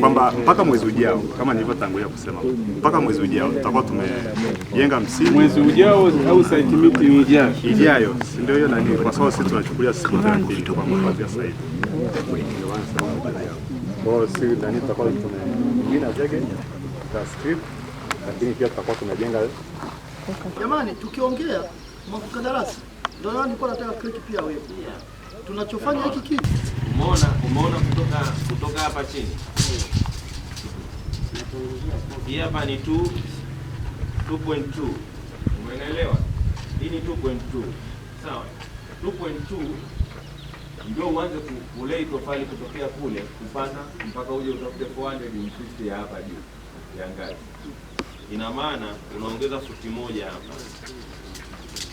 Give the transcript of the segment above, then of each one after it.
kwamba mpaka mwezi ujao kama nilivyotangulia kusema, mpaka mwezi ujao tutakuwa tumejenga msingi. Mwezi ujao au site meeting ijayo ijayo, ndio hiyo nani, kwa sababu sisi tunachukulia siku 30 tu kwa mwezi sasa hivi. Kwa hiyo sisi ndani tutakuwa tumeongea zege ta script, lakini pia tutakuwa tumejenga. Jamani, tukiongea mwakukandarasi ndio nilikuwa nataka click pia wewe, tunachofanya hiki kitu Umeona, umeona kutoka kutoka hapa chini, hii hapa ni 2 2.2. Umeelewa? Hii ni 2.2, sawa. 2.2 ndio uanze kulei tofali kutokea kule kupanda mpaka uje utafute 450 ya hapa juu ya ngazi. Ina maana unaongeza futi moja hapa,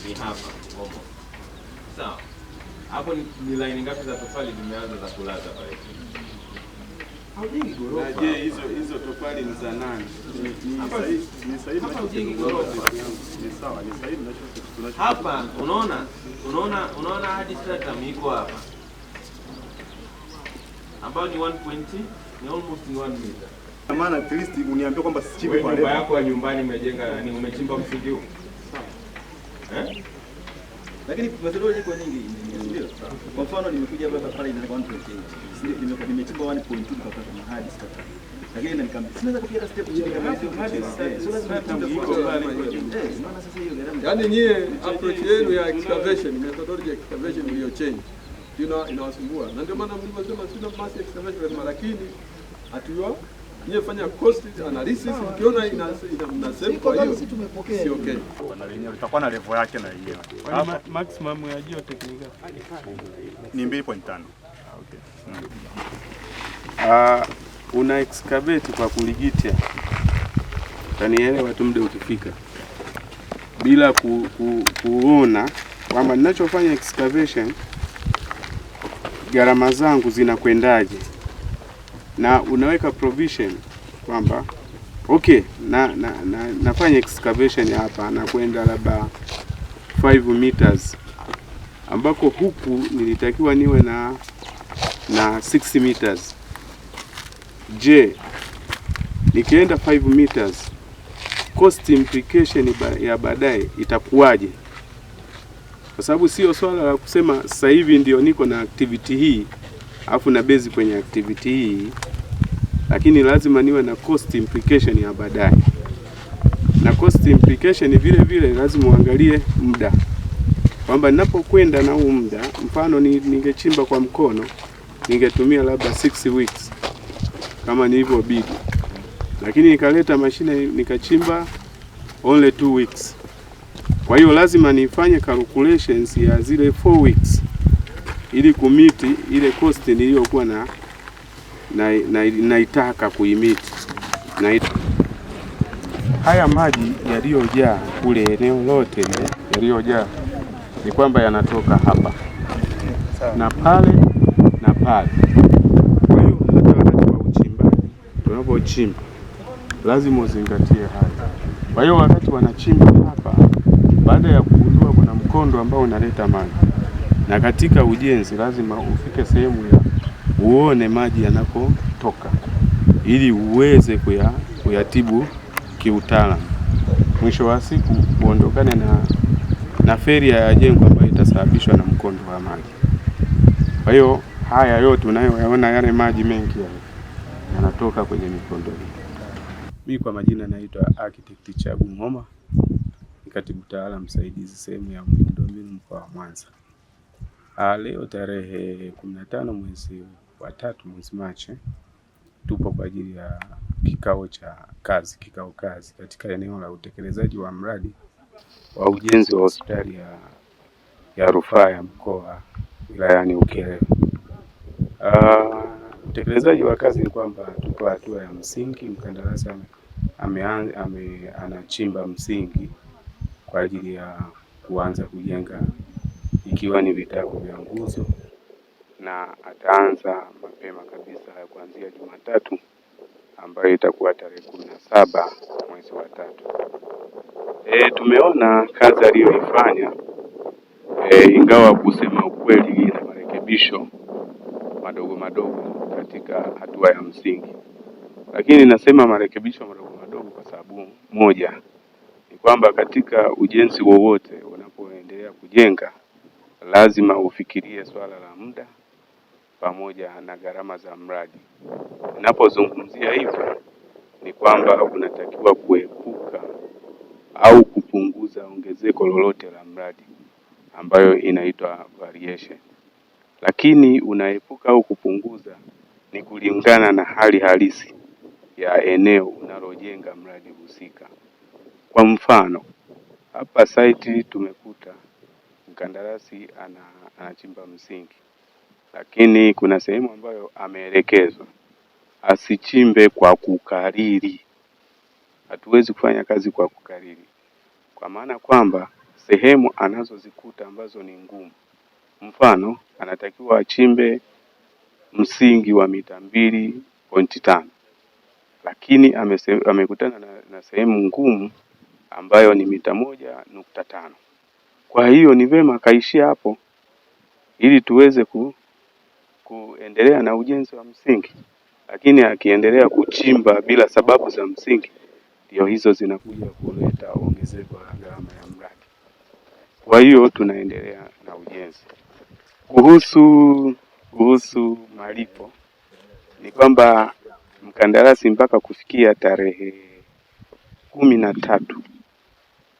ni hapa sawa hapo ni laini ngapi za tofali zimeanza za kulaza pale? Je, hizo hizo tofali ni za nani? Hapa unaona, unaona, unaona hadi iko hapa ambayo ni ni almost 1 meter. Maana at least kwamba sichimbe kwa nyumba yako ya nyumbani umejenga nani, umechimba Eh? Lakini kwa nyingi kwa mfano nimekuja hapa pale ina 1.8. Nimekuwa nimechimba 1.2 mpaka kwa hadi sasa. Lakini ndani kama Sinaweza kupiga hata step chini kama hiyo hadi sasa. Sio lazima mtu iko pale. Eh, maana sasa hiyo gharama. Yaani nyie approach yenu ya excavation, methodology ya excavation mlio change. You know inawasumbua. Na ndio maana mlivyosema sina mass excavation lakini atuyo Nye fanya cost analysis, ukiona kwa hiyo sio na level yake na hiyo. Maximum ya hiyo technical ni 2.5. Ah, okay. Ah, una excavate kwa kuligitia tanielewa tu, muda ukifika bila ku, ku, kuona kwamba ninachofanya excavation gharama zangu zinakwendaje na unaweka provision kwamba okay, na, na, na, nafanya excavation hapa na kwenda labda 5 meters ambako huku nilitakiwa niwe na na 6 meters. Je, nikienda 5 meters cost implication ya baadaye itakuwaje? Kwa sababu sio swala la kusema sasa hivi ndio niko na activity hii alafu na base kwenye activity hii, lakini lazima niwe na cost implication ya baadaye. Na cost implication vile vile lazima uangalie muda, kwamba ninapokwenda na huu muda, mfano ningechimba kwa mkono ningetumia labda 6 weeks kama nilivyobidi, lakini nikaleta mashine nikachimba only 2 weeks. Kwa hiyo lazima nifanye calculations ya zile 4 weeks ili kumiti ile cost niliyokuwa na naitaka na, na kuimiti na it... haya maji yaliyojaa kule eneo lote yaliyojaa ni kwamba yanatoka hapa na pale na pale. Kwa hiyo hata wakati wa uchimbaji, tunapochimba lazima uzingatie haya. Kwa hiyo wakati wanachimba hapa, baada ya kugundua kuna mkondo ambao unaleta maji na katika ujenzi lazima ufike sehemu ya uone maji yanakotoka ili uweze kuya, kuyatibu kiutaalamu. Mwisho wa siku uondokane na, na feri ya jengo ambayo itasababishwa na mkondo wa maji. Kwa hiyo haya yote unayoyaona yale maji mengi ya, yanatoka kwenye mikondo hii. Mimi kwa majina naitwa Architect Chagu Ng'oma, ni katibu tawala msaidizi sehemu ya miundombinu mkoa wa Mwanza. Ah, leo tarehe kumi na tano mwezi wa tatu mwezi Machi, tupo kwa ajili ya kikao cha kazi, kikao kazi katika eneo la utekelezaji wa mradi wa ujenzi wa hospitali ya, ya rufaa ya mkoa wilayani Ukerewe. Uh, utekelezaji wa kazi ni kwamba tupo hatua ya msingi, mkandarasi anachimba msingi kwa ajili ya kuanza kujenga ikiwa ni vitabu vya nguzo, na ataanza mapema kabisa ya kuanzia Jumatatu ambayo itakuwa tarehe kumi na saba mwezi wa tatu. E, tumeona kazi aliyoifanya e, ingawa kusema ukweli na marekebisho madogo madogo katika hatua ya msingi, lakini nasema marekebisho madogo madogo kwa sababu moja ni kwamba katika ujenzi wowote unapoendelea kujenga lazima ufikirie swala la muda pamoja na gharama za mradi. Ninapozungumzia hivyo, ni kwamba unatakiwa kuepuka au kupunguza ongezeko lolote la mradi ambayo inaitwa variation. Lakini unaepuka au kupunguza ni kulingana na hali halisi ya eneo unalojenga mradi husika. Kwa mfano, hapa site tumekuta mkandarasi ana, anachimba msingi, lakini kuna sehemu ambayo ameelekezwa asichimbe kwa kukariri. Hatuwezi kufanya kazi kwa kukariri, kwa maana kwamba sehemu anazozikuta ambazo ni ngumu, mfano anatakiwa achimbe msingi wa mita mbili pointi tano lakini amekutana na, na sehemu ngumu ambayo ni mita moja nukta tano. Kwa hiyo ni vema akaishia hapo ili tuweze ku, kuendelea na ujenzi wa msingi, lakini akiendelea kuchimba bila sababu za msingi, ndio hizo zinakuja kuleta ongezeko la gharama ya mradi. Kwa hiyo tunaendelea na ujenzi. Kuhusu kuhusu malipo ni kwamba mkandarasi mpaka kufikia tarehe kumi na tatu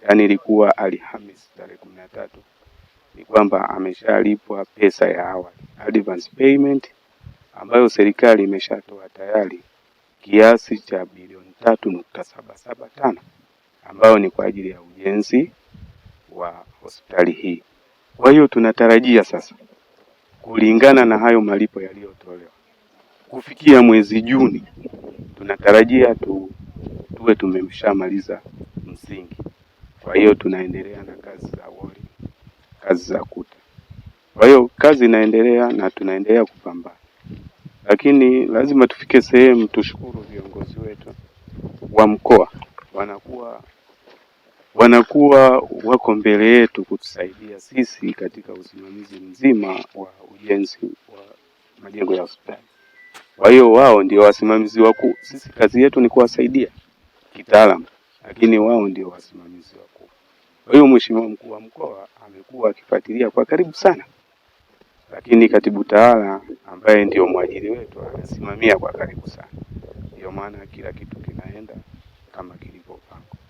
yaani ilikuwa Alhamis tarehe kumi na tatu, ni kwamba ameshalipwa pesa ya awali advance payment ambayo serikali imeshatoa tayari kiasi cha bilioni tatu nukta saba saba tano ambayo ni kwa ajili ya ujenzi wa hospitali hii. Kwa hiyo tunatarajia sasa, kulingana na hayo malipo yaliyotolewa, kufikia mwezi Juni tunatarajia tu, tuwe tumeshamaliza msingi. Kwa hiyo tunaendelea na kazi za wall, kazi za kuta. Kwa hiyo kazi inaendelea na tunaendelea kupambana, lakini lazima tufike sehemu tushukuru viongozi wetu wa mkoa, wanakuwa wanakuwa wako mbele yetu kutusaidia sisi katika usimamizi mzima wa ujenzi wa majengo ya hospitali. Kwa hiyo wao ndio wasimamizi wakuu, sisi kazi yetu ni kuwasaidia kitaalamu lakini wao ndio wasimamizi wakuu. Kwa hiyo mheshimiwa mkuu wa mkoa amekuwa akifuatilia kwa karibu sana, lakini katibu tawala ambaye ndio mwajiri wetu anasimamia kwa karibu sana. Ndio maana kila kitu kinaenda kama kilivyopangwa.